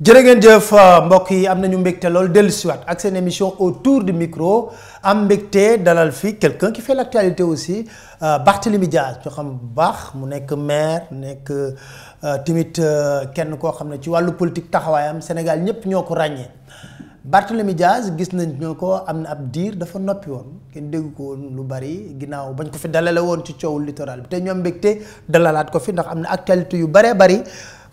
jërë ngeen jëf euh, mbokk yi am nañu mbégte lool dellu siwaat ak seen émission autour du micro am mbégte dalal fi quelqu'un qui fait l'actualité aussi euh, Barthélémy Diaz ñu xam bu baax mu nekk maire nekk euh, tamit kenn koo xam ne ci wàllu politique taxawaayam Sénégal ñëpp ñoo ko ràññee Barthélémy Dias gis nañ ñoo ko am na ab diir dafa noppi woon kenn dégg ko woon lu bari ginnaaw bañ ko fi dalale woon ci coowu littoral bi te ñoom mbégte dalalaat ko fi ndax am na actualité yu baree bari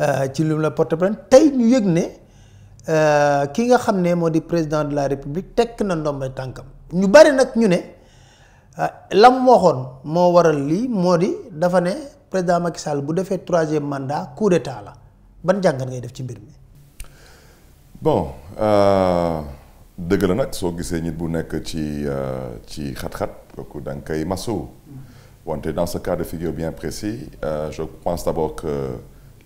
Euh, ci lu la porte plainte tey ñu yëg ne euh, ki nga xam ne moo di président de la république tekk na ndombay tànkam ñu bari nag ñu ne euh, lam waxoon moo waral lii moo di dafa ne président Macky Sall bu defee troisième mandat coup d'état la ban jàngat ngay def ci mbir mi. bon dëgg la nag soo gisee nit bu nekk ci ci xat-xat kooku da nga koy masawu mm. wante dans ce cas de figure bien précis je pense d'abord que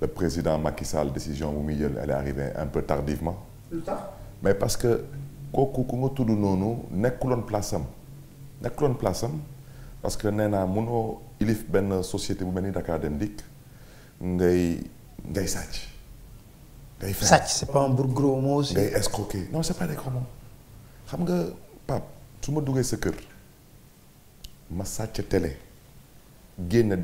le président Macky Sall décision au elle est arrivée un peu tardivement. mais parce que quand ku nga en place am place parce que ilif société bu mel académique, sach. c'est pas un gros mot aussi. non c'est pas des gros mots xam nga Pape si tu sa cœur, ma suis télé génn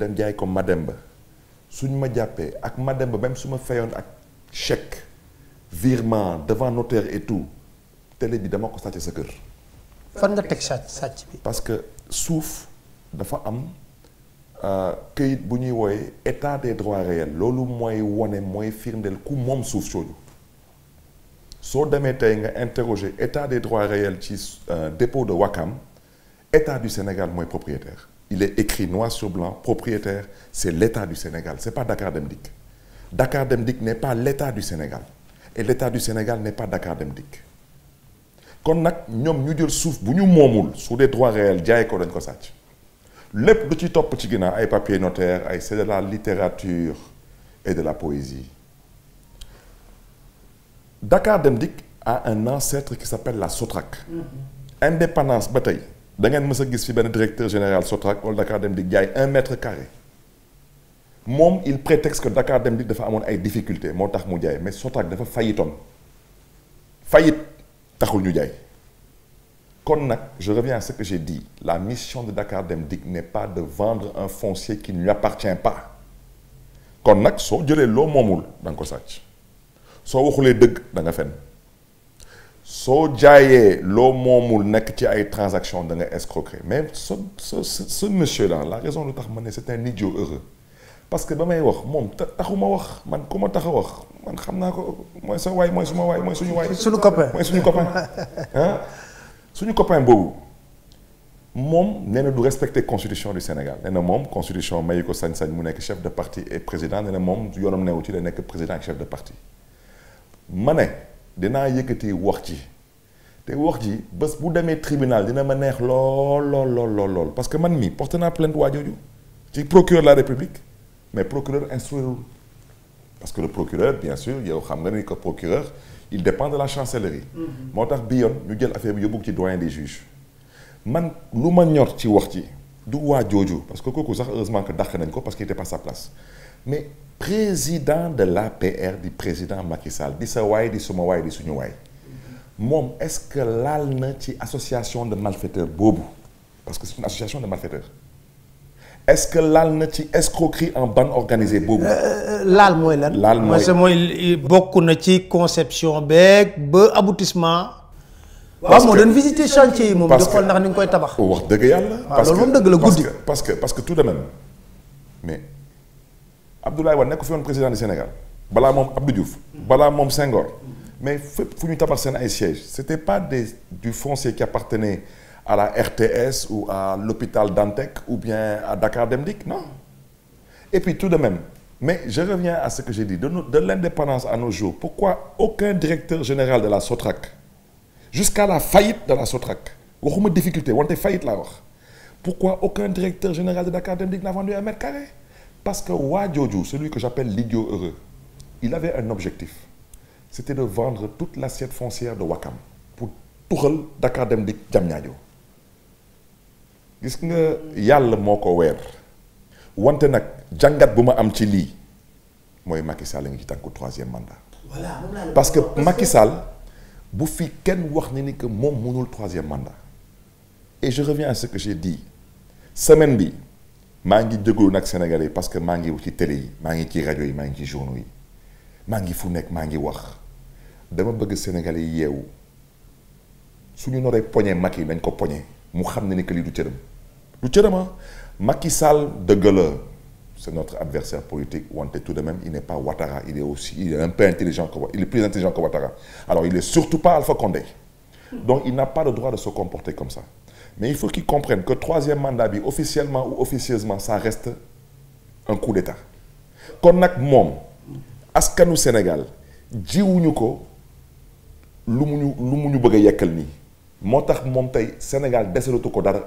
suñ ma jàppee ak ma dem ba même su ma fayoon ak chèque virement devant notaire et tout télé bi dama ko sàcc sa kër. fan nga teg sàcc sàcc bi. parce que suuf dafa am euh, këyit bu ñuy wooyee état des droits réels loolu mooy wone mooy firndeel ku moom suuf sooju soo demee tey nga interroger état des droits réels ci euh, dépôt de Wakam état du Sénégal mooy propriétaire il est écrit noir sur blanc, propriétaire, c'est l'État du Sénégal, ce n'est pas Dakar Demdik. Dakar Demdik n'est pas l'État du Sénégal. Et l'État du Sénégal n'est pas Dakar Demdik. kon nous ñoom ñu jël suuf bu ñu moomul su droits réels, réel jaay ko dañ ko papier notaire c'est de la littérature et de la poésie Dakar Demdik a un ancêtre qui s'appelle la SOTRAC mm-hmm. indépendance bataille da ngeen mës a fi benn directeur général Sotrac wala Dakar Dem di jaay un mètre carré moom il prétexte que Dakar Dem Dikk dafa amoon ay difficultés moo tax mu jaay mais Sotrac dafa fayitoon fayit taxul ñu jaay kon nag je reviens à ce que j'ai dit la mission de Dakar Dem n'est pas de vendre un foncier qui ne lui appartient pas kon nag soo jëlee loo moomul da nga ko sàcc soo waxulee dëgg da nga fen So, jaye loo ci ay transactions da nga escroquer mais ce monsieur là la raison de tax c'est c'est un idiot heureux parce que bamay wax mom taxuma wax man dit. tax a wax man xamna ko moy sa way moy suñu suñu copain moy suñu copain hein? suñu copain du respecter constitution du Sénégal néna na constitution mayu sañ-sañ chef de parti et président na président chef de parti mané dinaa yëkkati wax ci te wax ji bés bu demee tribunal dina ma neex lool lool lool lool lool parce que man mii porté naa plainte waa jooju ci procureur de la république mais procureur instruire parce que le procureur bien sûr yow xam nga ni que procureur il dépend de la chancellerie. Mm-hmm. moo tax bi yoon ñu jël affaire bi yóbbu ci doyen des juges man lu ma ñor ci wax ci du waa jooju parce que kooku sax heureusement que dàq nañ ko parce qu'il était pas sa place mais président de l'APR du président Macky Sall di sa waay di suma waay di suñu waay est-ce que laal ci association de malfaiteurs bobo? parce que c'est une association de malfaiteurs est-ce que laal ci escroquerie en bande organisée bobo? Euh, euh, L'Al moy lan. Moi, c'est moi. Il beaucoup na ci conception bec, ba aboutissement. waaw moo doon visiter chantier mom de di nak ni nga koy tabax. wax deug yalla parce que parce que parce que tout de même mais. Abdoulaye Wade nekk fi le président du Sénégal balaa moom Abdou Senghor mais fépp fu ñu tabax sièges c'était pas du foncier qui appartenait à la RTS ou à l'hôpital Dantec ou bien à Dakar Demdik, non et puis tout de même mais je reviens à ce que j'ai dit de, l'indépendance à nos jours pourquoi aucun directeur général de la Sotrac jusqu'à la faillite de la Sotrac waxuma difficulté wante faillite là wax pourquoi aucun directeur général de Dakar Demdik n'a vendu un mètre carré parce que Wadjoju, celui que j'appelle l'idiot heureux, il avait un objectif. C'était de vendre toute l'assiette foncière de Wakam pour tout tourer Dakar Demdik Djamnyadjo. gis nga yàlla Moko wer. weer wante nag amchili. Moi, ma am ci lii mooy Macky Sall ngi ci troisième mandat. parce que Macky Sall bu fi ken que mon le troisième mandat. et je reviens à ce que j'ai dit semaine bi mangi ngi nak sénégalais parce que mangi ngi télé yi mangi ci radio yi mangi ci journaux yi mangi ngi fu nekk maa wax dama bëgg sénégalais yi suñu noree poñe Macky nañ ko poñe mu xamné ni que du cëram du cërama ah. Macky Sall de la c'est notre adversaire politique wante tout de même il n'est pas Ouattara il est aussi il est un peu intelligent que il est plus intelligent que Ouattara alors il est surtout pas Alpha Condé donc il n'a pas le droit de se comporter comme ça mais il faut qu'ils comprennent que troisième mandat, officiellement ou officieusement, ça reste un coup d'État. Kon nak mom askanu Sénégal jiwuñu ko lu mu ñu lu Senegal, ñu bëgg a yekkal nii moo tax moom tey Sénégal desalatu ko dara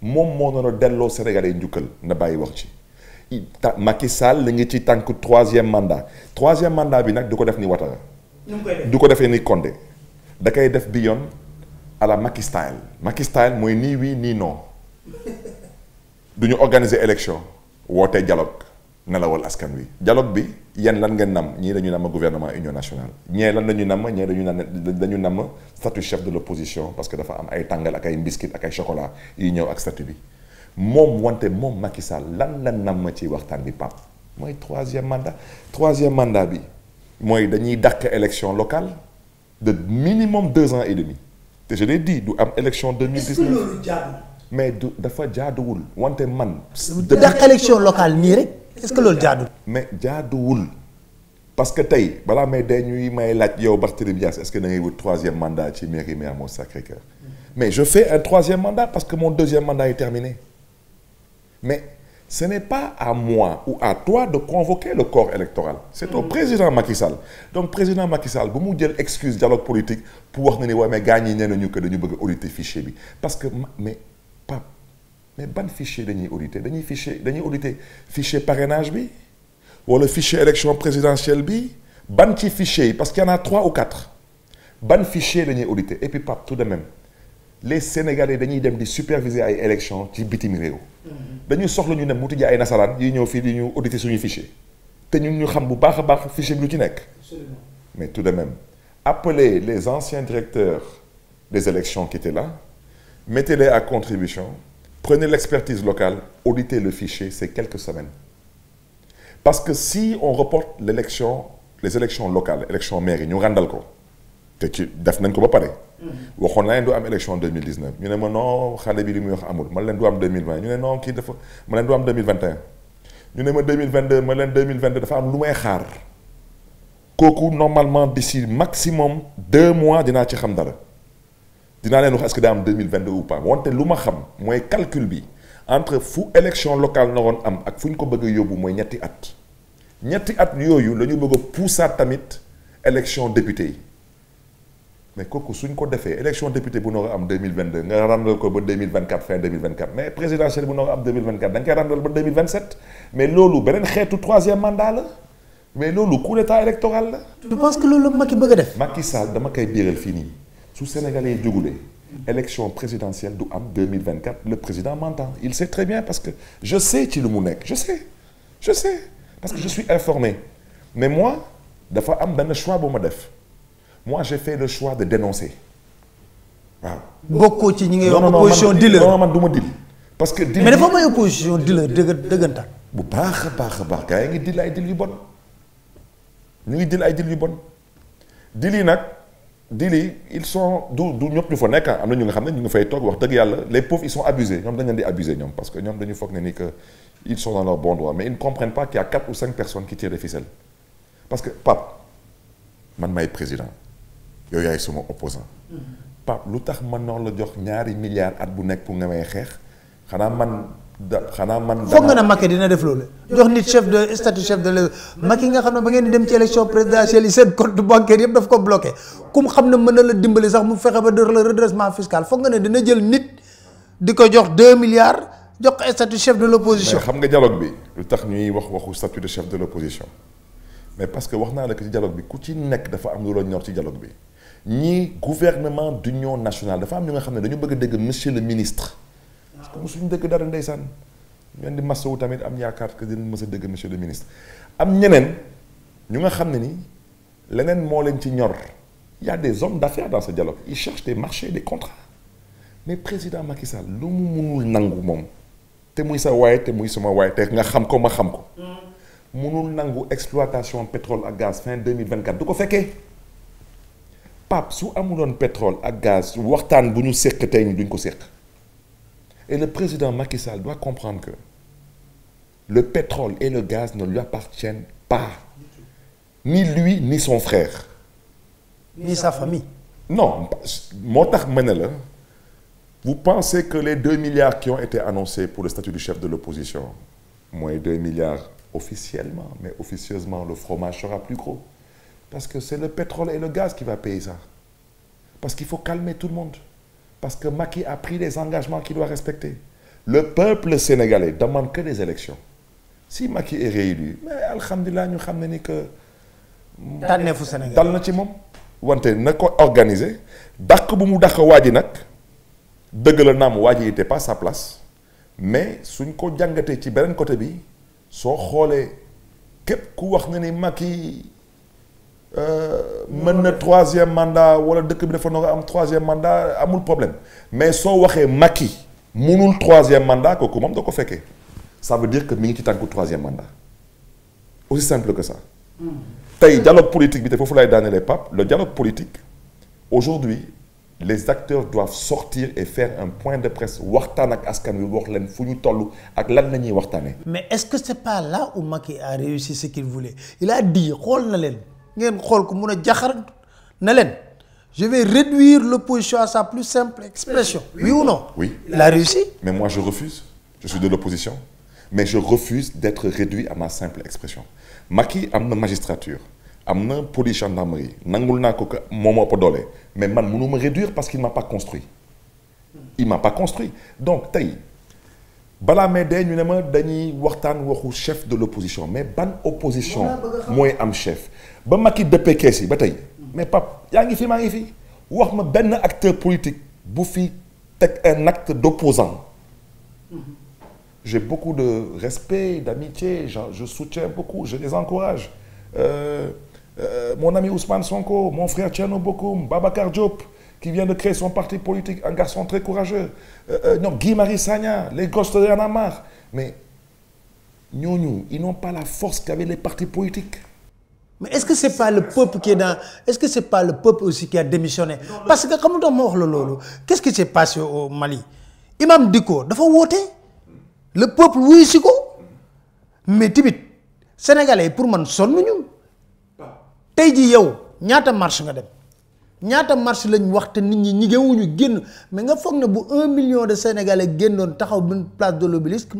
moom moo doon Sénégalais njukkal na bàyyi wax ci. Macky la ngi ci troisième mandat troisième mandat bi du def ni Ouattara. du ko defee ni Condé da koy def bi à la Macky Style Macky Style mooy nii oui nii non du ñu organiser élection wootee dialogue nelawal askan wi dialogue bi yéen lan ngeen nam ñii dañu nam gouvernement union nationale ñee lan lañu nam ñee dañu nam dañu nam statut chef de l'opposition parce que dafa am ay tàngal ak ay biscuit ak ay chocolat yi ñëw ak statut bi moom wante moom Macky Sall lan la nam ma ci waxtaan bi pap mooy troisième mandat troisième mandat bi mooy dañuy dàq élection locale de minimum deux ans et demi je l'ai dit du am élection 2019 est-ce que mais du dafa jaaduwul wante man. la élection locale nii est-ce que le jaadu. mais jaaduwul parce que voilà, bala may dee ñuy may laaj yow est-ce que da ngay wut troisième mandat ci mairie à mon Sacré-Cœur mm. mais je fais un troisième mandat parce que mon deuxième mandat est terminé mais ce n'est pas à moi ou à toi de convoquer le corps électoral c'est au mm. président Macky Sall donc président Macky Sall vous mu excuse dialogue politique pour wax né ni gagné mais que vous bëgg fichier parce que mais pas mais ban fichier de auditer dañuy fichier dañuy auditer fichier parrainage bi le fichier élection présidentielle bi ban qui fichier parce qu'il y en a trois ou quatre ban fichier dañuy auditer et puis pas tout de même les Sénégalais dañuy dem di superviser les élections ci bitim réew mais mm-hmm. soxla ñu ne mu ji ay nasaraan yi ñëw fii di ñu auditer suñu fichier te ñun ñu xam bu a fichier lu ci mais tout de même appelez les anciens directeurs des élections qui étaient là mettez-les à contribution prenez l'expertise locale auditez le fichier c'est quelques semaines parce que si on reporte l'élection les élections locales élections mairie ñu le ko te ci def nañ ko ba Mm-hmm. waxoon naa leen du am élection 2019 ñu ne ma non xale bi li muy wax amul man leen du am 2020 ñu ne non kii dafa ma leen du am 2021 ñu ne ma 2022 ma leen 2022 dafa am lu may xaar kooku normalement d'ici maximum deux mois dinaa ci xam dara dinaa leen wax est-ce que daa am 2022 ou pas wante lu ma xam mooy calcul bi entre fu élection locale naroon am ak fuñ ko bëgg a yóbbu mooy ñetti at ñetti at yooyu la ñu bëgg a tamit élection député yi mais kooku suñ ko défé élection député bu nora am 2022 nga randal ko ba 2024 fin 2024 mais présidentielle bu am 2024 da nga koy randal ba 2027 mais benen xétu 3 troisième mandat la mais lolu coup d'état électoral la. je pense que lolu la Macky bëgg a def. Macky Sall dama kay biiral fini sous su Sénégalais yi élection présidentielle du am 2024 le président m'entend il sait très bien parce que je sais ci le mu je sais je sais parce que je suis informé mais moi dafa am ben choix bu ma def moi j'ai fait le choix de dénoncer waaw. bokkoo ci ñi ngay opposition dealer parce que. dealer mais dafa may opposition dealer dëgg dëggantaan. bu baax a baax a baax gars yi ngi deal ay deal yu bon ñu ngi deal ay deal yu bon deal yi ils sont du du ñëpp ñu fa nekk am na ñu nga xam ne ñu fay toog wax dëgg yàlla les pauvres ils sont abusés ñoom dañ leen di abusé ñoom parce que ñoom dañu foog ne ni que ils sont dans leur bon droit mais ils ne comprennent pas qu'il y a quatre ou cinq personnes qui tirent les ficelles parce que Pape man may président. yow yaay sama opposant Pape lu tax man noonu la jox ñaari milliards at bu nekk pour nga may xeex xanaa man da xanaa man. foog nga ne Macky dina def loolu. jox nit chef de statut chef de l'État Macky xam ne ba ngeen di dem ci élection présidentielle yi seen compte bancaire yëpp daf ko bloqué. kum mën na la dimbali sax mu fexe ba dër la redressement fiscal foog nga ne dina jël nit di ko jox 2 milliards jox ko statut chef de l'opposition. xam nga dialogue bi lu tax ñuy wax waxu statut de chef de l'opposition mais parce que wax naa la que ci dialogue bi ku ci nekk dafa am lu la ñor ci dialogue bi. ni gouvernement d'union nationale dafa am ñu nga xam ne dañu bëgg a dégg monsieur le ministre. parce que mosuñu dégg dara ndeysaan. ngeen di masawu tamit am yaakaar que dinañ mës a dégg monsieur le ministre. am ñeneen ñu nga xam ne ni leneen moo leen ci ñor y a des hommes d'affaires dans ce dialogue ils cherchent des marchés des contrats mais président Macky Sall lu mu munul nangu moom te muy sa waaye te muy sama waaye te nga xam ko ma xam ko. Mm. munul nangu exploitation pétrole ak gaz fin 2024 du ko fekkee. Pape sous de pétrole à gaz Wartan vous nous séq et le président Macky Sall doit comprendre que le pétrole et le gaz ne lui appartiennent pas ni lui ni son frère. ni sa famille. non mon vous vous pensez que les 2 milliards qui ont été annoncés pour le statut du chef de l'opposition moins 2 milliards officiellement mais officieusement le fromage sera plus gros. Parce que c'est le pétrole et le gaz qui va payer ça. Parce qu'il faut calmer tout le monde. Parce que Maki a pris des engagements qu'il doit respecter. Le peuple sénégalais demande que des élections. Si Maki est réélu, mais alhamdulillah, nous savons que... Sénégal sa place mais suñ ko dit ci euh, mën na troisième mandat wala dëkk bi dafa noo am troisième mandat amul problème mais soo waxee Macky munul troisième mandat kooku moom da ko fekkee ça veut dire que mi ngi ci tànku troisième mandat aussi simple que ça tey dialogue politique bi te foofu lay les papes, le dialogue politique aujourd'hui les acteurs doivent sortir et faire un point de presse waxtaan ak askan wi wax leen fu ñu toll ak lan la ñuy waxtaanee mais est-ce que c'est pas là où Macky a réussi ce qu'il voulait il a dit xool na leen ngeen xool ko je vais réduire l'opposition à sa plus simple expression oui ou non oui La a mais moi je refuse je suis de l'opposition mais je refuse d'être réduit à ma simple expression Macky am na magistrature am na police gendarmerie nangul naa ko momo moom de mais man pas me réduire parce qu'il m'a pas construit il m'a pas construit donc tay bala may ñu ne ma chef de l'opposition mais ban opposition moy am chef ba ne dëppee pas si ba mais pap ya ngi fi ma ngi fi wax acteur politique bu fi un acte d'opposant j'ai beaucoup de respect d'amitié je soutiens beaucoup je les encourage euh, euh, mon ami Ousmane Sonko mon frère Thierno Bokoum, Babacar Diop qui vient de créer son parti politique un garçon très courageux euh, Guy marie Sagna les gosses de Yanamar. mais ils n'ont pas la force qu'avaient les partis politiques mais est-ce que c'est pas le peuple qui est dans est-ce que c'est pas le peuple aussi qui a démissionné parce que comme on ma wax lolo. qu'est-ce qui s'est passé au Mali Imam Dicko dafa woote le peuple wuyu si ko mais Tibit, sénégalais yi pour man sonnuñu tey jii yow ñaata marche nga dem ñaata marche lañ wax te nit ñi ñigewuñu genn mais nga fogné bu 1 million de sénégalais gennon taxaw bu place de l'obélisque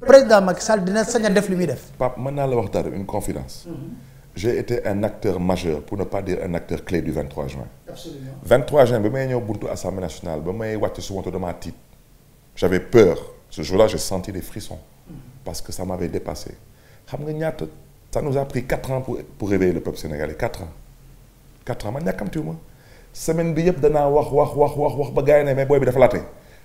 président Macky Sall dina sañ def limi def. Pape mën naa la wax dara une confidence. Mm -hmm j'ai été un acteur majeur pour ne pas dire un acteur clé du 23 juin. Absolument. 23 juin je suis venu à l'Assemblée nationale ba may allé à de ma tête. j'avais peur ce jour-là j'ai senti des frissons mm-hmm. parce que ça m'avait dépassé xam nga ça nous a pris 4 ans pour pour réveiller le peuple sénégalais 4 ans 4 ans man ñàkkamtiwu ma semaine bi yëpp danaa wax wax wax wax wax ba gars mais booy bi dafa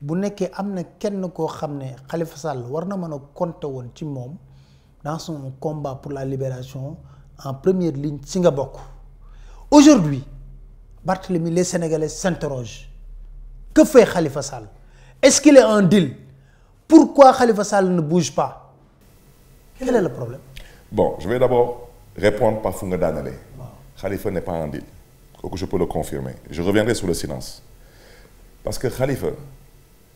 bu nekkee am na kenn koo xam Khalifa Sall war na mën a compter woon ci moom dans son combat pour la libération en première ligne si bokk aujourd'hui Barthélemy les Sénégalais s'interrogent que fait Khalifa Sall est-ce qu'il est en deal pourquoi Khalifa Sall ne bouge pas quel est le problème bon je vais d'abord répondre par fu nga daanale Khalifa n'est pas en deal Donc je peux le confirmer je reviendrai sur le silence parce que Khalifa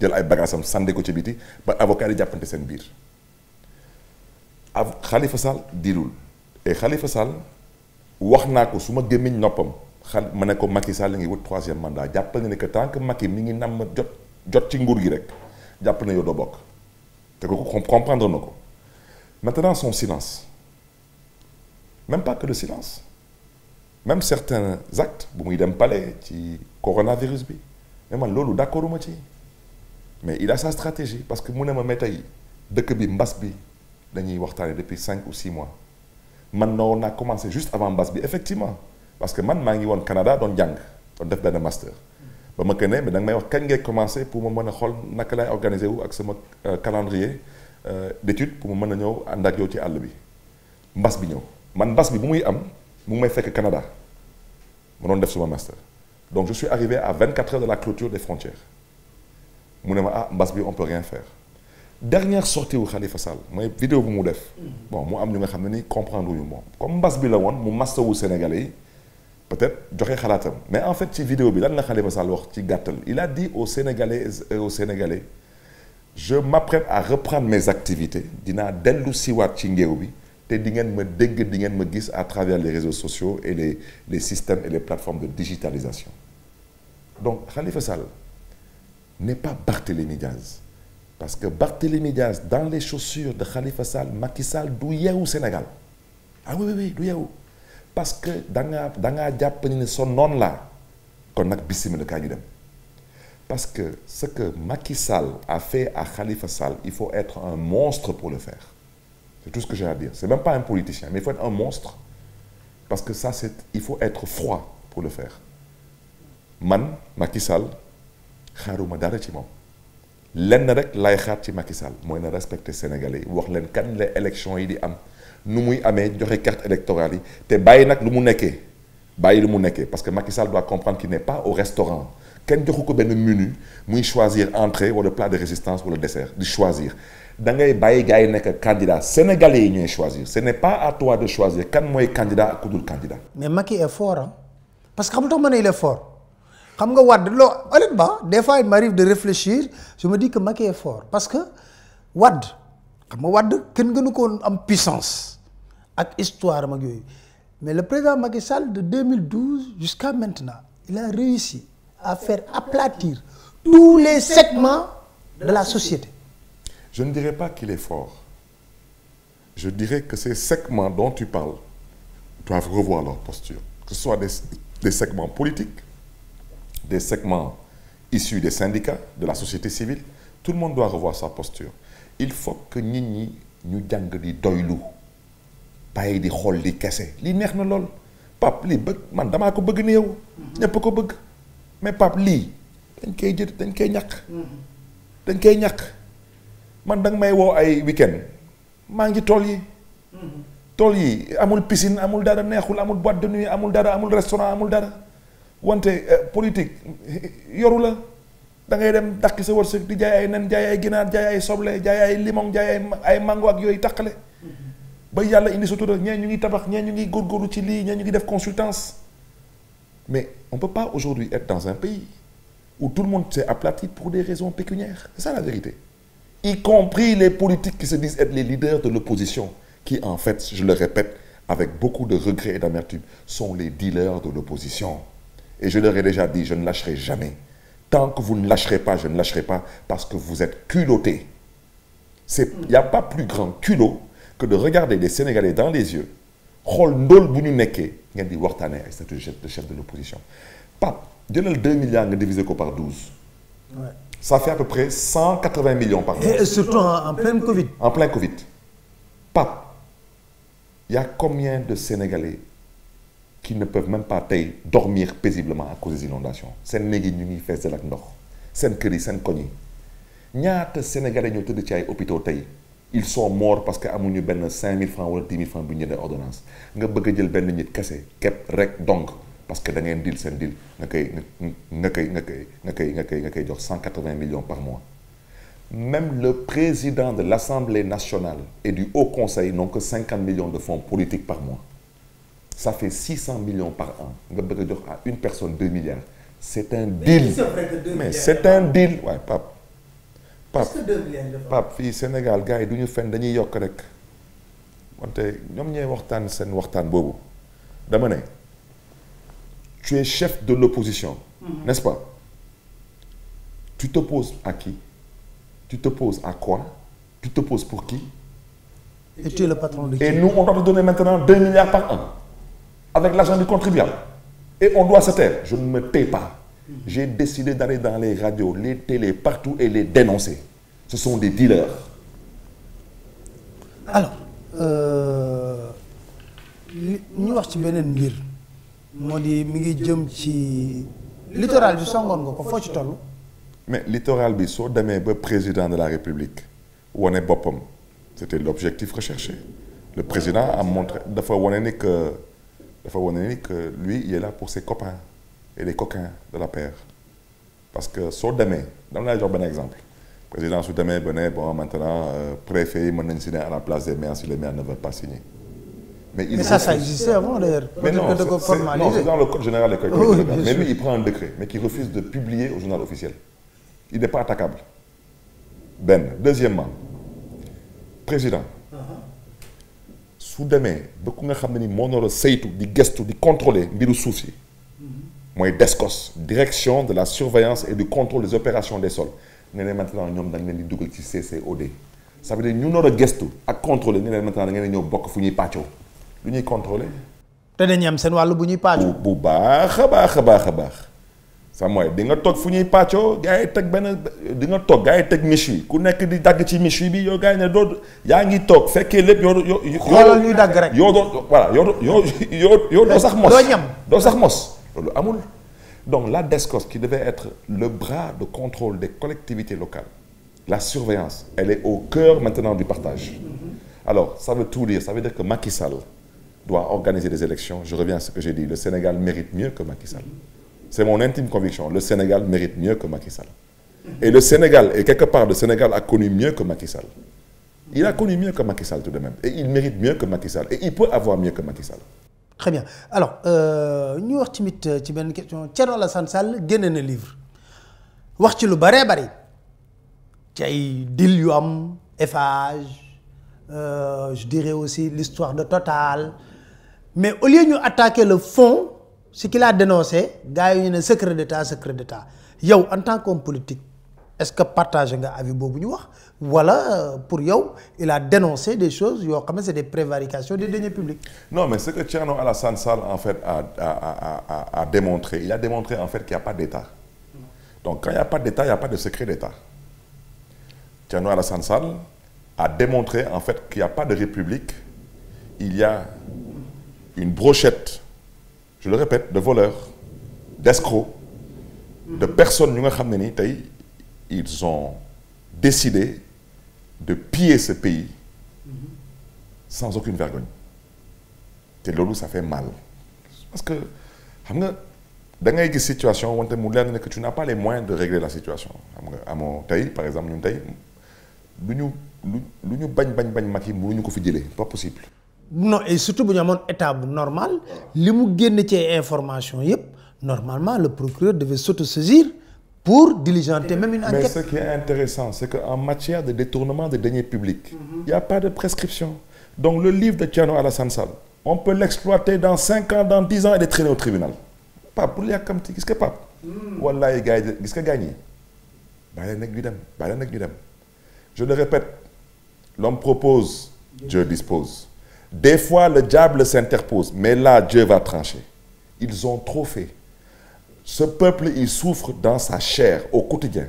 jël ay bagages sandé ko ci biti ba avocat yi jàppante seen biir ab Khalifa Sall diirul et Khalifa Sall wax naa ko su ma gémmiñ noppam xal ma ne ko Macky Sall ngi wut troisième mandat jàpp na ne que tant que Macky mi ngi nam jot jot ci nguur gi rek jàpp na yow doo bokk te ko comprendre na ko maintenant son silence même pas que le silence même certains actes bu muy dem palais ci coronavirus bi mais man loolu d'accorduma ci mais il a sa stratégie parce que je ne ma mais tey dëkk bi mbas bi depuis 5 ou 6 mois Maintenant, on a commencé juste avant mbas bi effectivement parce que man suis ngi au Canada dans jàng pour def benn master ba ma connais, mais da nga may wax kañ ngay commencé pour me mën a organiser ou euh, calendrier euh, d'études pour me mën a ñëw ànd ak yow ci àll bi mbas bi ñëw man mbas bi bu muy Canada ma doon def master donc je suis arrivé à 24 heures de la clôture des frontières mu ne ma ah mbas bi on peut rien faire dernière sortie wu Khalifa Sall mooy vidéo bu mu def bon mu am ñu nga xam ne ni comprendre wuñu moom comme mbas bi la woon mu Sénégalais peut-être joxe xalaatam mais en fait ci vidéo bi lan Khalifa wax ci il a dit aux Sénégalais aux Sénégalais je m'apprête à reprendre mes activités dinaa dellu siwaat ci ngéew bi te di ngeen ma dégg di à travers les réseaux sociaux et les les systèmes et les plateformes de digitalisation donc Khalifa Sall n'est pas Barthélémy Diaz. Parce que Barthélémy Diaz, dans les chaussures de Khalifa Sall, Macky Sall, ou Sénégal. Ah oui, oui, oui, d'où Parce que dans son Parce que ce que Makisal a fait à Khalifa Sall, il faut être un monstre pour le faire. C'est tout ce que j'ai à dire. C'est même pas un politicien, mais il faut être un monstre. Parce que ça, c'est, il faut être froid pour le faire. Man, Macky xaaruma dara ci moom lenn rek lay xaar ci Macky Sall mooy na respecter Sénégalais yi wax leen kan la élection yi di am nu muy amee joxe carte électorale yi te bàyyi nag lu mu nekkee bàyyi lu mu nekkee parce que Macky Sall doit comprendre qu'il n'est pas au restaurant kenn joxu ko benn menu muy choisir entrée wala plat de résistance wala dessert di choisir da ngay bàyyi gars yi nekk candidat sénégalais yi ñooy choisir ce n'est pas à toi de choisir kan mooy candidat ak dul candidat. mais Macky est fort ah parce que xam nga tax ma ne il est fort nga des fois il m'arrive de réfléchir je me dis que Macky est fort parce que Wad, xam nga kenn gënu puissance histoire mais le président Macky Sall de 2012 jusqu'à maintenant il a réussi à faire aplatir tous les segments de la société. Je ne dirais pas qu'il est fort. Je dirais que ces segments dont tu parles doivent revoir leur posture, que ce soit des segments politiques, des segments issus des syndicats, de la société civile, tout le monde doit revoir sa posture. Il faut que ni ñi ñu jàng di doylu bàyyi di xool li kese li neex na lool Pape lii bëgg man damaa ko bëgg ni yow. ñëpp ko mais Pape li ten kay jël dañ kay ñàkk. dañ kay ñàkk man d'ang may ay week-end ngi Toli, amul piscine amul dara neexul amul boîte de nuit amul dara amul restaurant amul dara wante eh, politique yoru la da ngay dem dàq sa wërsëg di jaay ay nen jaay ay ginaar jaay ay soble jaay ay limon jaay ay ay mango ak yooyu taqale ba yàlla indi sa tura ñee ñu ngi tabax ñee ñu ngi góorgóorlu ci lii ñee ñu ngi def consultance mais on peut pas aujourd'hui être dans un pays où tout le monde s'est aplati pour des raisons pécuniaires c'est ça la vérité y compris les politiques qui se disent être les leaders de l'opposition qui en fait je le répète avec beaucoup de regret et d'amertume sont les dealers de l'opposition et je leur ai déjà dit, je ne lâcherai jamais. Tant que vous ne lâcherez pas, je ne lâcherai pas parce que vous êtes culottés. Il n'y a pas plus grand culot que de regarder les Sénégalais dans les yeux. Rôle ndol bu a chef de l'opposition. Pape, 2 milliards ne par 12. Ça fait à peu près 180 millions par an. Et surtout en, en plein Covid. En plein Covid. Pape, il y a combien de Sénégalais qui ne peuvent même pas dormir paisiblement à cause des inondations C'est néeg yi ñu ngi fees del ak c'est seen kër nous seen koñ sénégalais qui ont ci ay hôpitaux ils sont morts parce qu'ils ont amuñu 5 000 francs ou 10 000 francs bu ñu ordonnance nga bëgg jël benn nit donc parce que da ngeen deal, nga nga 180 millions par mois même le président de l'Assemblée nationale et du Haut Conseil n'ont que 50 millions de fonds politiques par mois ça fait 600 millions par an On à une personne 2 milliards c'est un deal mais un deal ouais, Pape Pape Pape Sénégal gars yi nous dañuy rek tu es chef de l'opposition mhm. n'est-ce pas tu t'opposes à qui tu t'opposes à quoi tu t'opposes pour qui et tu es le patron de qui et nous on va te donner maintenant 2 milliards par an avec l'argent du contribuable. Et on doit se taire. Je ne me tais pas. J'ai décidé d'aller dans les radios, les télés, partout et les dénoncer. Ce sont des dealers. Alors, euh, littoral bi mais littoral bi président de la république c'était l'objectif recherché le président a montré d'abord dit que. Il faut dit que lui il est là pour ses copains et les coquins de la paire parce que Soudamé, dans dans le jox exemple président Soudamé, demee ben, eh, bon maintenant euh, préfet il mën à la place des maires si les maires ne veulent pas signer. mais ça ça existait avant d'ailleurs. mais non c'est dans le code général des collectivités mais lui il prend un décret mais qui refuse de publier au journal officiel il n'est pas attaquable Ben, deuxièmement président. Ah ah su demee ba ku nga xam ne ni moo nar a saytu di gestu di contrôler mbiru suuf si mooy DESCOS direction de la surveillance et du contrôle des opérations des sols nga ne maintenant ñoom dañ leen di dugal ci CCOD ça veut dire ñu nar a gestu ak contrôler nga ne maintenant da ngeen ñëw bokk fu ñuy pàccoo lu ñuy contrôler te dañuy am seen wàllu bu ñuy pàccoo bu baax a baax a baax a baax ça mooy di nga tok fuñuy patcho pàccoo gars ben di nga tok gars yi teg ku nek di dag ci miche bi yo gars ne doo yaa ngi toog fekkee lépp yo yoo. xoolal ñuy dagg rek yoo doo voilà yoo yoo sax mos. do ñam do sax mos lolu amul. donc la DESCOS, qui devait être le bras de contrôle des collectivités locales la surveillance elle est au cœur maintenant du partage. alors ça veut tout dire ça veut dire que Macky Sall doit organiser des élections je reviens à ce que j'ai dit le Sénégal mérite mieux que Macky Sall c'est mon intime conviction, le Sénégal mérite mieux que Macky Sall. Et le Sénégal, et quelque part, le Sénégal a connu mieux que Macky Sall. Il a connu mieux que Macky Sall tout de même. Et il mérite mieux que Macky Sall. Et il peut avoir mieux que Macky Sall. Très bien. Alors, nous avons une question. Thierry Lassane Sall a un livre. Il a lu beaucoup. Il y a je dirais aussi l'histoire de Total. Mais au lieu de nous attaquer le fond, ce qu'il a dénoncé il y a un secret d'état secret d'état en tant qu'homme politique est-ce que partage nga avis boobu ñu pour yow il a dénoncé des choses Yo, c'est des prévarications des deniers publics. non mais ce que Tiano Alassane en fait a démontré il a démontré en fait qu'il n'y a pas d'état donc quand il n'y a pas d'état il n'y a pas de secret d'état Tiano Alassane Sall a démontré en fait qu'il n'y a pas de république il y a une brochette je le répète de voleurs d'escrocs de mhm. personnes ils ont décidé de piller ce pays mhm. sans aucune vergogne Et ça fait mal parce que dans une situation où que tu n'as pas les moyens de régler la situation à par exemple nous, nous, nous, nous, pas possible non et surtout il y a état normal ce qui des informations, normalement le procureur devait s'auto-saisir pour diligenter même une enquête. Mais ce qui est intéressant, c'est qu'en matière de détournement des deniers publics, mhm. il n'y a pas de prescription. Donc le livre de Tiano Alassane Sall, on peut l'exploiter dans 5 ans, dans 10 ans et le traîner au tribunal. Pas pour comme qu'est-ce que pas hmm. qu'est-ce Je le répète, l'homme propose, Dieu dispose. Des fois, le diable s'interpose, mais là, Dieu va trancher. Ils ont trop fait. Ce peuple, il souffre dans sa chair au quotidien.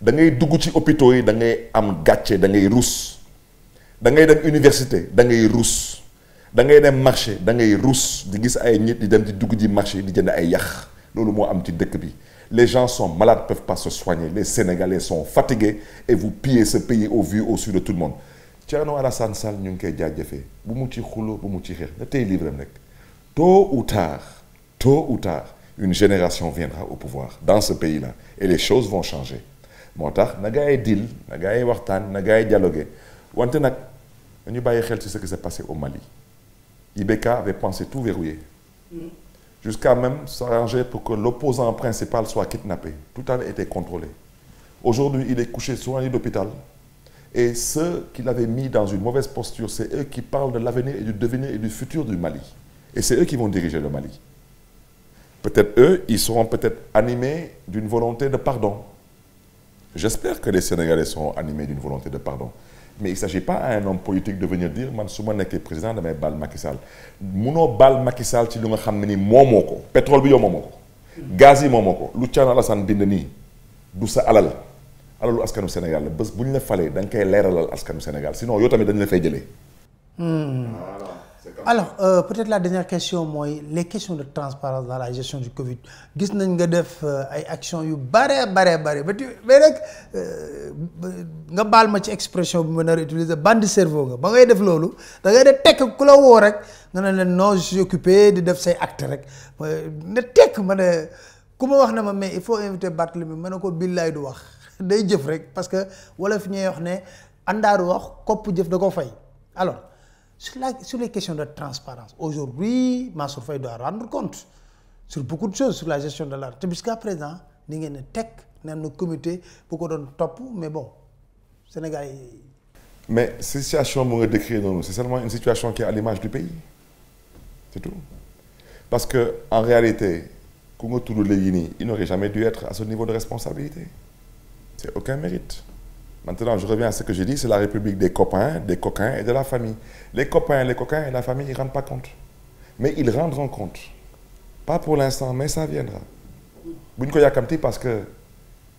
Dans les dugg ci hôpitaux dans da ngay am les da ngay les da ngay les université da ngay marchés, da ngay dem marché da ngay rus di gis ay nit di dem di dugg ji marché di ay am ci les gens sont malades peuvent pas se soigner les Sénégalais sont fatigués et vous pillez ce pays au vu au su de tout le monde Alassane ñu ngi bu mu ci bu mu ci tôt ou tard ou tard une génération viendra au pouvoir dans ce pays là et les choses vont changer Tôt ou na il y a na gaay waxtaan na gaay va ce qui s'est passé au Mali Ibeka avait pensé tout verrouiller jusqu'à même s'arranger pour que l'opposant principal soit kidnappé tout avait été contrôlé aujourd'hui il est couché sur un lit d'hôpital et ceux qui l'avaient mis dans une mauvaise posture, c'est eux qui parlent de l'avenir et du devenir et du futur du Mali. Et c'est eux qui vont diriger le Mali. Peut-être eux, ils seront peut-être animés d'une volonté de pardon. J'espère que les Sénégalais seront animés d'une volonté de pardon. Mais il ne s'agit pas à un homme politique de venir dire Mansouma su ma nekkee président de baal Macky Sall munoo baal Macky Sall ci lu nga je ne pétrole bi yow Momoko. gaz yi moomoo ko lu Alassane bind nii du sa alal alors askanu Sénégal la bés bu ñu la falee da nga koy leeralal Sénégal sinon yow tamit dañu la fay jëlee. Hmm. alors euh, peut-être la dernière question moi, les questions de transparence dans la gestion du Covid gis nañ nga def euh, ay actions yu barre, barre. bare tu mais rek euh, nga baal ma ci expression bi ma utiliser bande cerveau nga ba ngay def loolu da ngay def tekk ku la rek nga ne non je suis occupé de def say acte rek euh, ne tekk ma ne ku ma wax mais il faut inviter mais, on ne ko billaay du wax day rek parce que wala ñuy wax ne wax kopp jëf da alors sur les questions de transparence aujourd'hui Mansour doit rendre compte sur beaucoup de choses sur la gestion de l'art jusqu'à présent ni ngeen Tech, nous naan un comité bu ko doon top, mais bon Sénégal Mais mais situation bu nga dans nous, c'est seulement une situation qui est à l'image du pays c'est tout parce que en réalité il n'aurait jamais dû être à ce niveau de responsabilité. C'est aucun mérite. Maintenant, je reviens à ce que j'ai dit, c'est la République des copains, des coquins et de la famille. Les copains, les coquins et la famille, ils ne rendent pas compte. Mais ils rendront compte. Pas pour l'instant, mais ça viendra. Bunko parce que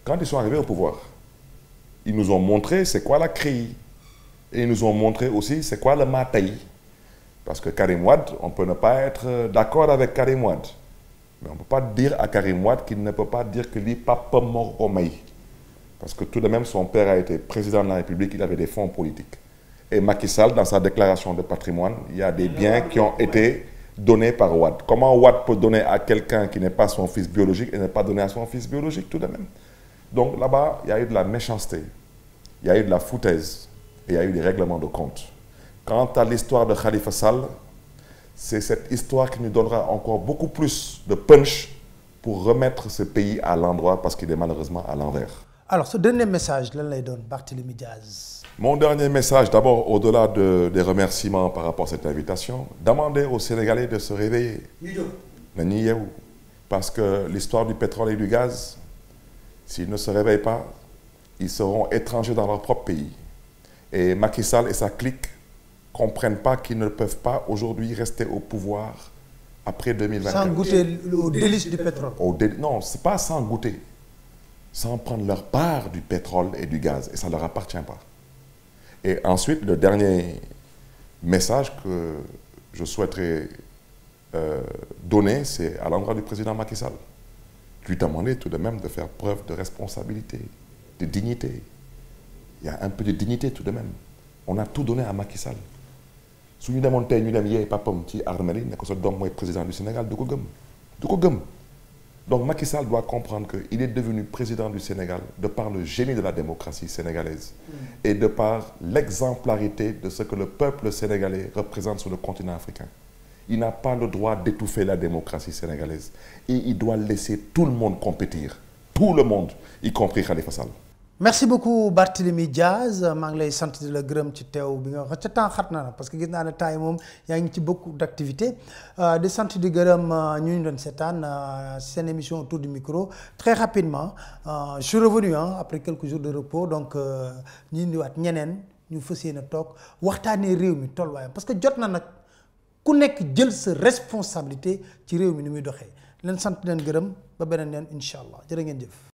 quand ils sont arrivés au pouvoir, ils nous ont montré c'est quoi la CRI. Et ils nous ont montré aussi c'est quoi le Mataï. Parce que Karim Wad, on peut ne pas être d'accord avec Karim Wad. Mais on ne peut pas dire à Karim Wad qu'il ne peut pas dire que lui, papa mort au parce que tout de même, son père a été président de la République, il avait des fonds politiques. Et Macky Sall, dans sa déclaration de patrimoine, il y a des biens qui ont été donnés par Ouad. Comment Ouad peut donner à quelqu'un qui n'est pas son fils biologique et n'est pas donné à son fils biologique tout de même Donc là-bas, il y a eu de la méchanceté, il y a eu de la foutaise et il y a eu des règlements de compte. Quant à l'histoire de Khalifa Sall, c'est cette histoire qui nous donnera encore beaucoup plus de punch pour remettre ce pays à l'endroit parce qu'il est malheureusement à l'envers. Alors, ce dernier message, là, le donne Barthélémy Diaz. Mon dernier message, d'abord, au-delà des remerciements par rapport à cette invitation, demander aux Sénégalais de se réveiller. Parce que l'histoire du pétrole et du gaz, s'ils ne se réveillent pas, ils seront étrangers dans leur propre pays. Et Macky Sall et sa clique ne comprennent pas qu'ils ne peuvent pas aujourd'hui rester au pouvoir après 2024. Sans goûter au délice du pétrole. Non, ce n'est pas sans goûter sans prendre leur part du pétrole et du gaz. Et ça ne leur appartient pas. Et ensuite, le dernier message que je souhaiterais euh, donner, c'est à l'endroit du président Macky Sall. Lui demandé tout de même de faire preuve de responsabilité, de dignité. Il y a un peu de dignité tout de même. On a tout donné à Macky Sall. Si nous demandons, nous demandons, nous demandons, nous demandons, nous demandons, nous président du Sénégal, nous donc Macky Sall doit comprendre qu'il est devenu président du Sénégal de par le génie de la démocratie sénégalaise mm. et de par l'exemplarité de ce que le peuple sénégalais représente sur le continent africain. Il n'a pas le droit d'étouffer la démocratie sénégalaise et il doit laisser tout le monde compétir, tout le monde, y compris Khalifa Sall merci beaucoup Barthélémy Diaz maa ngi de sant di la gërëm ci teew bi nga wax ca temps xat na parce que gis na ne temps mom ya ngi ci beaucoup d' activité euh, di sant di gërëm euh, ñu ñu sétane c'est une émission autour du micro très rapidement euh, je suis revenu hein, après quelques jours de repos donc ñu wat ñenen ñu fas tok waxtane waxtaanee réew mi tolluwaayam parce que jot na ku nekk jël sa responsabilité ci réew mi ni muy doxé. leen sant leen gërëm ba benen inshallah. ngeen jëf.